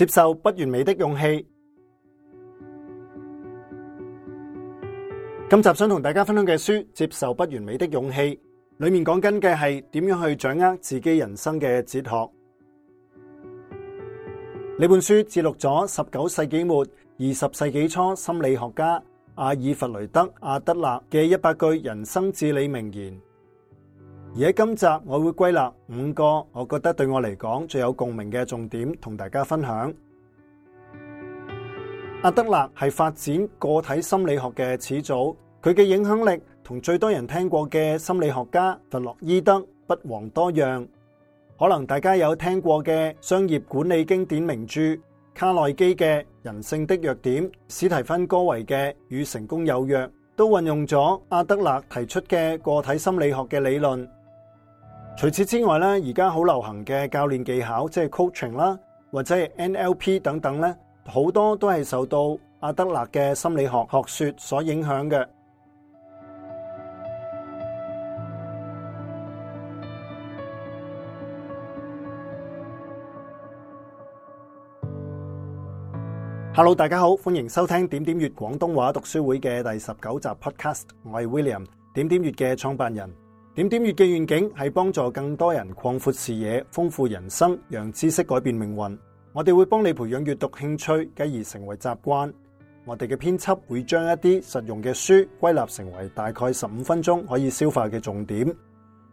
接受不完美的勇氣。今集想同大家分享嘅書《接受不完美的勇氣》，裏面講緊嘅係點樣去掌握自己人生嘅哲學。呢本書記錄咗十九世紀末二十世紀初心理學家阿爾弗雷德阿德勒嘅一百句人生至理名言。而喺今集，我會歸納五個我覺得對我嚟講最有共鳴嘅重點，同大家分享。阿德勒係發展個體心理學嘅始祖，佢嘅影響力同最多人聽過嘅心理學家弗洛伊德不遑多讓。可能大家有聽過嘅商業管理經典名著卡內基嘅《人性的弱點》，史蒂芬·柯維嘅《與成功有約》，都運用咗阿德勒提出嘅個體心理學嘅理論。除此之外咧，而家好流行嘅教練技巧，即係 coaching 啦，或者係 NLP 等等咧，好多都係受到阿德勒嘅心理學學說所影響嘅。Hello，大家好，歡迎收聽點點閱廣東話讀書會嘅第十九集 podcast，我係 William，點點閱嘅創辦人。點點閱嘅願景係幫助更多人擴闊視野、豐富人生，讓知識改變命運。我哋會幫你培養閱讀興趣，繼而成為習慣。我哋嘅編輯會將一啲實用嘅書歸納成為大概十五分鐘可以消化嘅重點。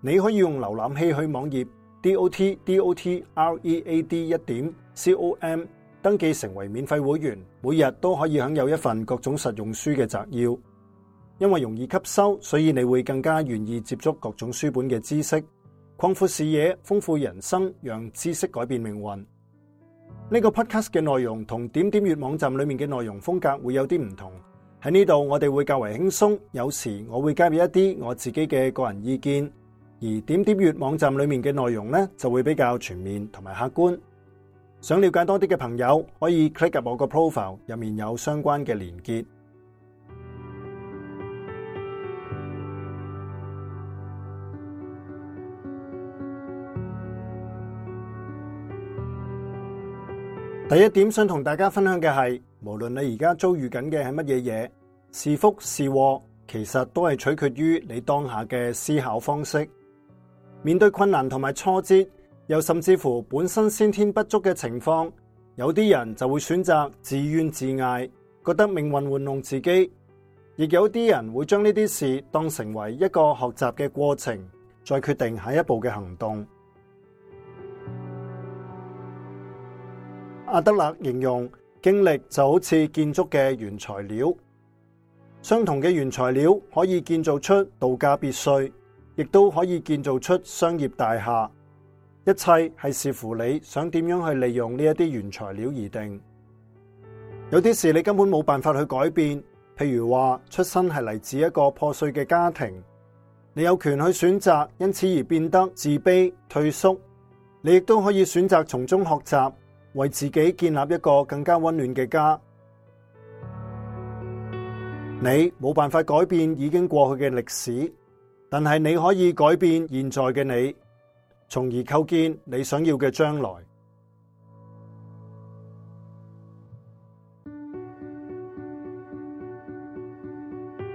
你可以用瀏覽器去網頁 dot dot read 一點 com 登記成為免費會員，每日都可以享有一份各種實用書嘅摘要。因為容易吸收，所以你會更加願意接觸各種書本嘅知識，擴闊視野，豐富人生，讓知識改變命運。呢個 podcast 嘅內容同點點閱網站裏面嘅內容風格會有啲唔同。喺呢度我哋會較為輕鬆，有時我會加入一啲我自己嘅個人意見，而點點閱網站裏面嘅內容呢就會比較全面同埋客觀。想了解多啲嘅朋友可以 click 入我個 profile，入面有相關嘅連結。第一點想同大家分享嘅係，無論你而家遭遇緊嘅係乜嘢嘢，是福是禍，其實都係取決於你當下嘅思考方式。面對困難同埋挫折，又甚至乎本身先天不足嘅情況，有啲人就會選擇自怨自艾，覺得命運玩弄自己；亦有啲人會將呢啲事當成為一個學習嘅過程，再決定下一步嘅行動。阿德勒形容經歷就好似建築嘅原材料，相同嘅原材料可以建造出度假別墅，亦都可以建造出商業大廈。一切係視乎你想點樣去利用呢一啲原材料而定。有啲事你根本冇辦法去改變，譬如話出身係嚟自一個破碎嘅家庭，你有權去選擇，因此而變得自卑退縮。你亦都可以選擇從中學習。為自己建立一個更加溫暖嘅家。你冇辦法改變已經過去嘅歷史，但係你可以改變現在嘅你，從而構建你想要嘅將來。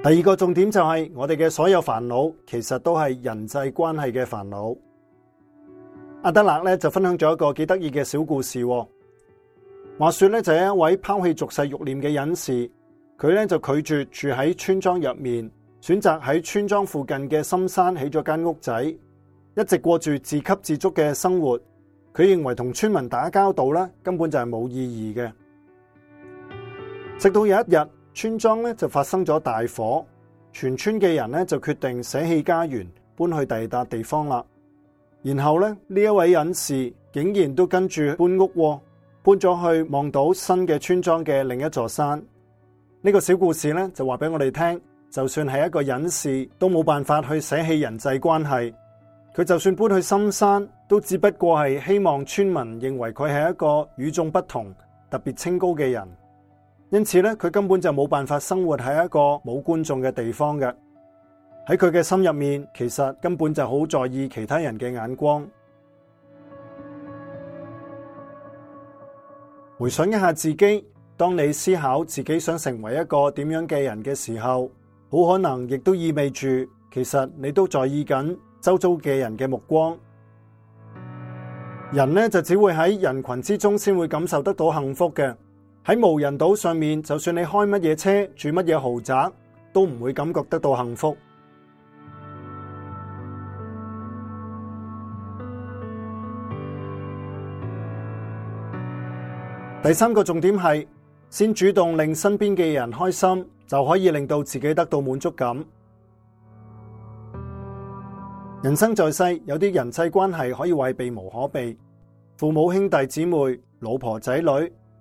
第二個重點就係我哋嘅所有煩惱，其實都係人際關係嘅煩惱。阿德勒咧就分享咗一個幾得意嘅小故事。話說咧就係一位拋棄俗世欲念嘅隱士，佢咧就拒絕住喺村莊入面，選擇喺村莊附近嘅深山起咗間屋仔，一直過住自給自足嘅生活。佢認為同村民打交道咧根本就係冇意義嘅。直到有一日，村莊咧就發生咗大火，全村嘅人咧就決定捨棄家園，搬去第二笪地方啦。然後咧，呢一位隱士竟然都跟住搬屋，搬咗去望到新嘅村莊嘅另一座山。呢個小故事咧就話俾我哋聽，就算係一個隱士，都冇辦法去捨棄人際關係。佢就算搬去深山，都只不過係希望村民認為佢係一個與眾不同、特別清高嘅人。因此咧，佢根本就冇辦法生活喺一個冇觀眾嘅地方嘅。喺佢嘅心入面，其實根本就好在意其他人嘅眼光。回想一下自己，當你思考自己想成為一個點樣嘅人嘅時候，好可能亦都意味住，其實你都在意緊周遭嘅人嘅目光。人呢，就只會喺人群之中先會感受得到幸福嘅。喺無人島上面，就算你開乜嘢車、住乜嘢豪宅，都唔會感覺得到幸福。第三個重點係，先主動令身邊嘅人開心，就可以令到自己得到滿足感。人生在世，有啲人際關係可以為避無可避，父母、兄弟、姊妹、老婆、仔女、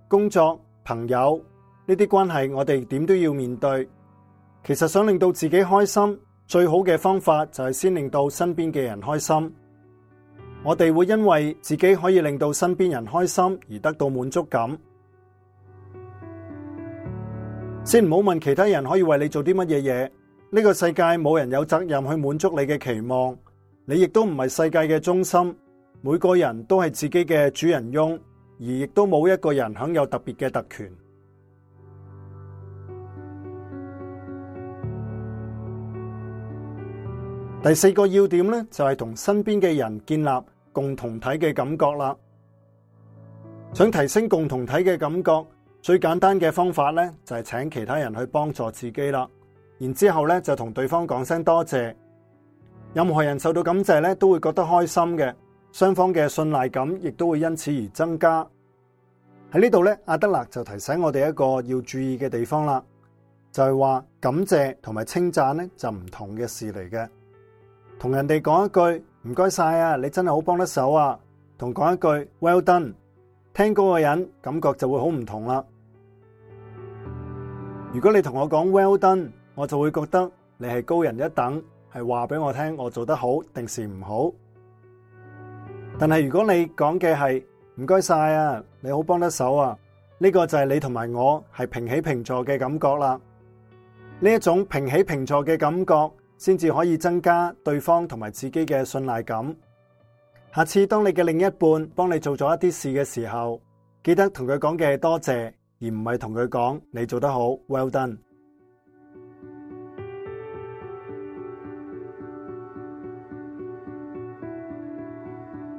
工作、朋友呢啲關係，我哋點都要面對。其實想令到自己開心，最好嘅方法就係先令到身邊嘅人開心。我哋會因為自己可以令到身邊人開心而得到滿足感。先唔好問其他人可以為你做啲乜嘢嘢。呢個世界冇人有責任去滿足你嘅期望。你亦都唔係世界嘅中心。每個人都係自己嘅主人翁，而亦都冇一個人享有特別嘅特權。第四個要點呢，就係同身邊嘅人建立。共同體嘅感覺啦，想提升共同體嘅感覺，最簡單嘅方法呢，就係請其他人去幫助自己啦。然之後呢，就同對方講聲多謝。任何人受到感謝呢，都會覺得開心嘅，雙方嘅信賴感亦都會因此而增加。喺呢度呢，阿德勒就提醒我哋一個要注意嘅地方啦，就係話感謝同埋稱讚呢，就唔同嘅事嚟嘅。同人哋講一句。唔該晒啊！你真係好幫得手啊，同講一句 Well done，聽個人感覺就會好唔同啦。如果你同我講 Well done，我就會覺得你係高人一等，係話俾我聽我做得好定是唔好。但係如果你講嘅係唔該晒啊，你好幫得手啊，呢個就係你同埋我係平起平坐嘅感覺啦。呢一種平起平坐嘅感覺。先至可以增加對方同埋自己嘅信賴感。下次當你嘅另一半幫你做咗一啲事嘅時候，記得同佢講嘅係多謝，而唔係同佢講你做得好。Well done。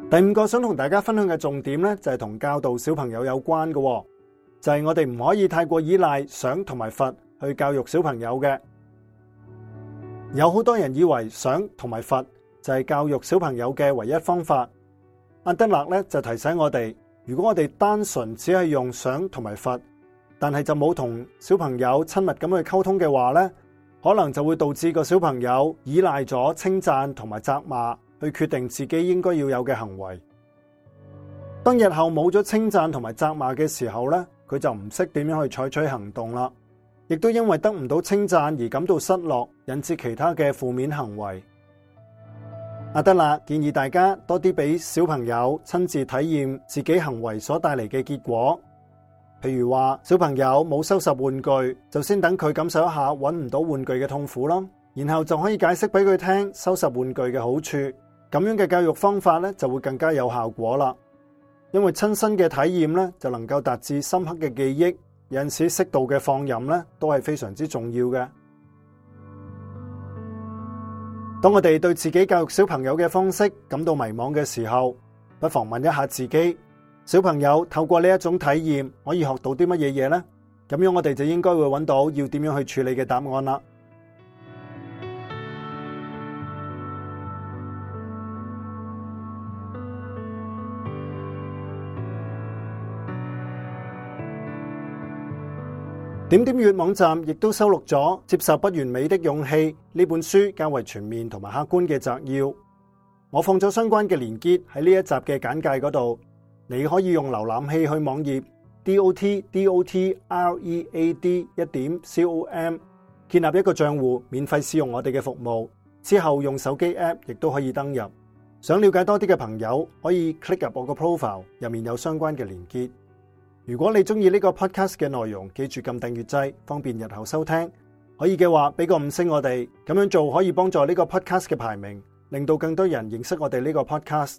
第五個想同大家分享嘅重點咧，就係同教導小朋友有關嘅，就係我哋唔可以太過依賴想同埋佛去教育小朋友嘅。有好多人以為想同埋罰就係教育小朋友嘅唯一方法。阿德勒咧就提醒我哋，如果我哋單純只係用想同埋罰，但係就冇同小朋友親密咁去溝通嘅話咧，可能就會導致個小朋友依賴咗稱讚同埋責罵去決定自己應該要有嘅行為。當日後冇咗稱讚同埋責罵嘅時候咧，佢就唔識點樣去採取行動啦。亦都因為得唔到稱讚而感到失落，引致其他嘅負面行為。阿德勒建議大家多啲俾小朋友親自體驗自己行為所帶嚟嘅結果，譬如話小朋友冇收拾玩具，就先等佢感受一下揾唔到玩具嘅痛苦咯，然後就可以解釋俾佢聽收拾玩具嘅好處。咁樣嘅教育方法咧就會更加有效果啦，因為親身嘅體驗咧就能夠達至深刻嘅記憶。因此，適度嘅放任咧，都係非常之重要嘅。當我哋對自己教育小朋友嘅方式感到迷茫嘅時候，不妨問一下自己：小朋友透過呢一種體驗，可以學到啲乜嘢嘢呢？咁樣我哋就應該會揾到要點樣去處理嘅答案啦。點點閱網站亦都收錄咗《接受不完美的勇氣》呢本書較為全面同埋客觀嘅摘要，我放咗相關嘅連結喺呢一集嘅簡介嗰度。你可以用瀏覽器去網頁 dot dot read 一點 com 建立一個賬戶，免費試用我哋嘅服務，之後用手機 app 亦都可以登入。想了解多啲嘅朋友可以 click 入我個 profile，入面有相關嘅連結。如果你中意呢個 podcast 嘅內容，記住撳訂閱掣，方便日後收聽。可以嘅話，俾個五星我哋，咁樣做可以幫助呢個 podcast 嘅排名，令到更多人認識我哋呢個 podcast。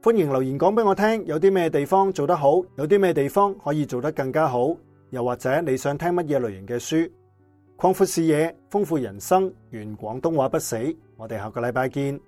歡迎留言講俾我聽，有啲咩地方做得好，有啲咩地方可以做得更加好，又或者你想聽乜嘢類型嘅書，擴闊視野，豐富人生，願廣東話不死。我哋下個禮拜見。